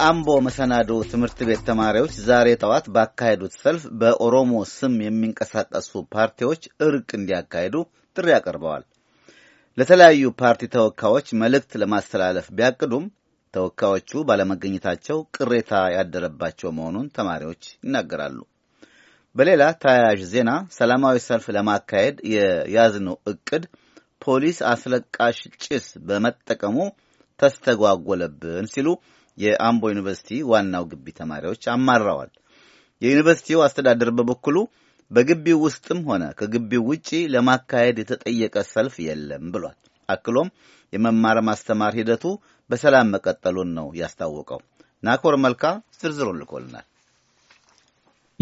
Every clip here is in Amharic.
የአምቦ መሰናዶ ትምህርት ቤት ተማሪዎች ዛሬ ጠዋት ባካሄዱት ሰልፍ በኦሮሞ ስም የሚንቀሳቀሱ ፓርቲዎች እርቅ እንዲያካሂዱ ጥሪ አቅርበዋል። ለተለያዩ ፓርቲ ተወካዮች መልእክት ለማስተላለፍ ቢያቅዱም ተወካዮቹ ባለመገኘታቸው ቅሬታ ያደረባቸው መሆኑን ተማሪዎች ይናገራሉ። በሌላ ተያያዥ ዜና ሰላማዊ ሰልፍ ለማካሄድ የያዝነው እቅድ ፖሊስ አስለቃሽ ጭስ በመጠቀሙ ተስተጓጎለብን ሲሉ የአምቦ ዩኒቨርሲቲ ዋናው ግቢ ተማሪዎች አማረዋል። የዩኒቨርሲቲው አስተዳደር በበኩሉ በግቢው ውስጥም ሆነ ከግቢው ውጪ ለማካሄድ የተጠየቀ ሰልፍ የለም ብሏል። አክሎም የመማር ማስተማር ሂደቱ በሰላም መቀጠሉን ነው ያስታወቀው። ናኮር መልካ ዝርዝሩን ልኮልናል።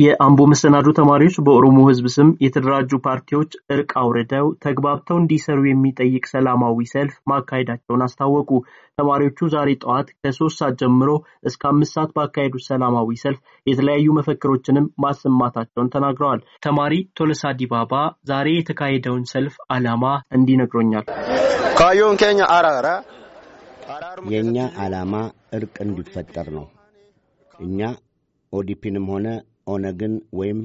የአምቦ መሰናዶ ተማሪዎች በኦሮሞ ህዝብ ስም የተደራጁ ፓርቲዎች እርቅ አውርደው ተግባብተው እንዲሰሩ የሚጠይቅ ሰላማዊ ሰልፍ ማካሄዳቸውን አስታወቁ። ተማሪዎቹ ዛሬ ጠዋት ከሶስት ሰዓት ጀምሮ እስከ አምስት ሰዓት ባካሄዱት ሰላማዊ ሰልፍ የተለያዩ መፈክሮችንም ማሰማታቸውን ተናግረዋል። ተማሪ ቶለሳ ዲባባ ዛሬ የተካሄደውን ሰልፍ ዓላማ እንዲነግሮኛል። ካዮን ኬኛ አራራ የእኛ ዓላማ እርቅ እንዲፈጠር ነው። እኛ ኦዲፒንም ሆነ ኦነግን ወይም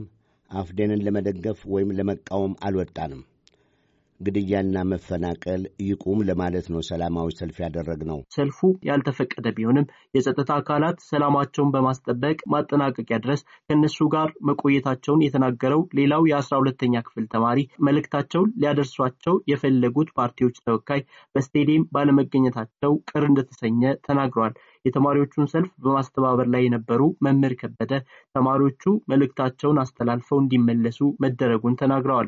አፍዴንን ለመደገፍ ወይም ለመቃወም አልወጣንም። ግድያና መፈናቀል ይቁም ለማለት ነው ሰላማዊ ሰልፍ ያደረግነው። ሰልፉ ያልተፈቀደ ቢሆንም የጸጥታ አካላት ሰላማቸውን በማስጠበቅ ማጠናቀቂያ ድረስ ከእነሱ ጋር መቆየታቸውን የተናገረው ሌላው የአስራ ሁለተኛ ክፍል ተማሪ መልእክታቸውን ሊያደርሷቸው የፈለጉት ፓርቲዎች ተወካይ በስቴዲየም ባለመገኘታቸው ቅር እንደተሰኘ ተናግሯል። የተማሪዎቹን ሰልፍ በማስተባበር ላይ የነበሩ መምህር ከበደ ተማሪዎቹ መልእክታቸውን አስተላልፈው እንዲመለሱ መደረጉን ተናግረዋል።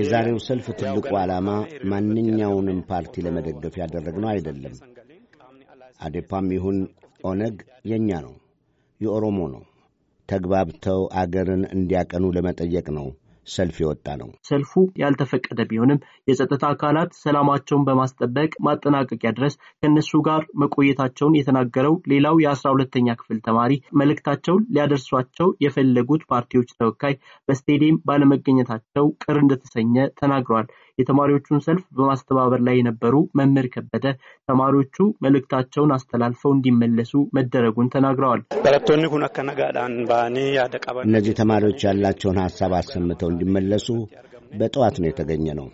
የዛሬው ሰልፍ ትልቁ ዓላማ ማንኛውንም ፓርቲ ለመደገፍ ያደረግነው አይደለም። አዴፓም ይሁን ኦነግ የእኛ ነው፣ የኦሮሞ ነው። ተግባብተው አገርን እንዲያቀኑ ለመጠየቅ ነው ሰልፍ የወጣ ነው። ሰልፉ ያልተፈቀደ ቢሆንም የጸጥታ አካላት ሰላማቸውን በማስጠበቅ ማጠናቀቂያ ድረስ ከእነሱ ጋር መቆየታቸውን የተናገረው ሌላው የአስራ ሁለተኛ ክፍል ተማሪ መልእክታቸውን ሊያደርሷቸው የፈለጉት ፓርቲዎች ተወካይ በስቴዲየም ባለመገኘታቸው ቅር እንደተሰኘ ተናግረዋል። የተማሪዎቹን ሰልፍ በማስተባበር ላይ የነበሩ መምህር ከበደ ተማሪዎቹ መልእክታቸውን አስተላልፈው እንዲመለሱ መደረጉን ተናግረዋል። እነዚህ ተማሪዎች ያላቸውን ሀሳብ አሰምተው እንዲመለሱ በጠዋት ነው የተገኘ ነው።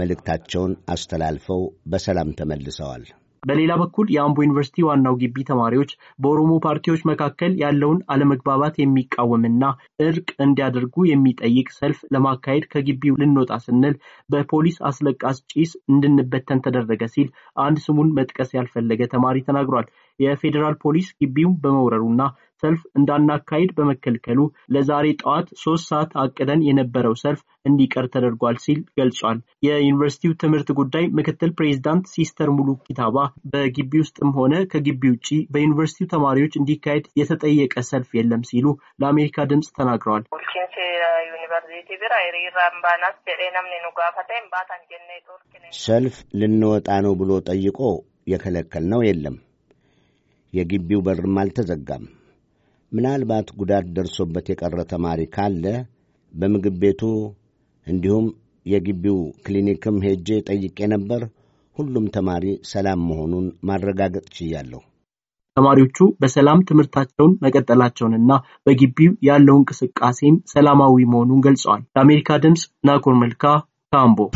መልእክታቸውን አስተላልፈው በሰላም ተመልሰዋል። በሌላ በኩል የአምቦ ዩኒቨርሲቲ ዋናው ግቢ ተማሪዎች በኦሮሞ ፓርቲዎች መካከል ያለውን አለመግባባት የሚቃወምና እርቅ እንዲያደርጉ የሚጠይቅ ሰልፍ ለማካሄድ ከግቢው ልንወጣ ስንል በፖሊስ አስለቃስ ጭስ እንድንበተን ተደረገ ሲል አንድ ስሙን መጥቀስ ያልፈለገ ተማሪ ተናግሯል። የፌዴራል ፖሊስ ግቢውን በመውረሩና ሰልፍ እንዳናካሄድ በመከልከሉ ለዛሬ ጠዋት ሶስት ሰዓት አቅደን የነበረው ሰልፍ እንዲቀር ተደርጓል ሲል ገልጿል። የዩኒቨርሲቲው ትምህርት ጉዳይ ምክትል ፕሬዚዳንት ሲስተር ሙሉ ኪታባ በግቢ ውስጥም ሆነ ከግቢ ውጭ በዩኒቨርሲቲው ተማሪዎች እንዲካሄድ የተጠየቀ ሰልፍ የለም ሲሉ ለአሜሪካ ድምፅ ተናግረዋል። ሰልፍ ልንወጣ ነው ብሎ ጠይቆ የከለከልነው የለም። የግቢው በርም አልተዘጋም። ምናልባት ጉዳት ደርሶበት የቀረ ተማሪ ካለ በምግብ ቤቱ እንዲሁም የግቢው ክሊኒክም ሄጄ ጠይቄ ነበር። ሁሉም ተማሪ ሰላም መሆኑን ማረጋገጥ ችያለሁ። ተማሪዎቹ በሰላም ትምህርታቸውን መቀጠላቸውንና በግቢው ያለው እንቅስቃሴም ሰላማዊ መሆኑን ገልጸዋል። ለአሜሪካ ድምፅ ናኮር መልካ ካምቦ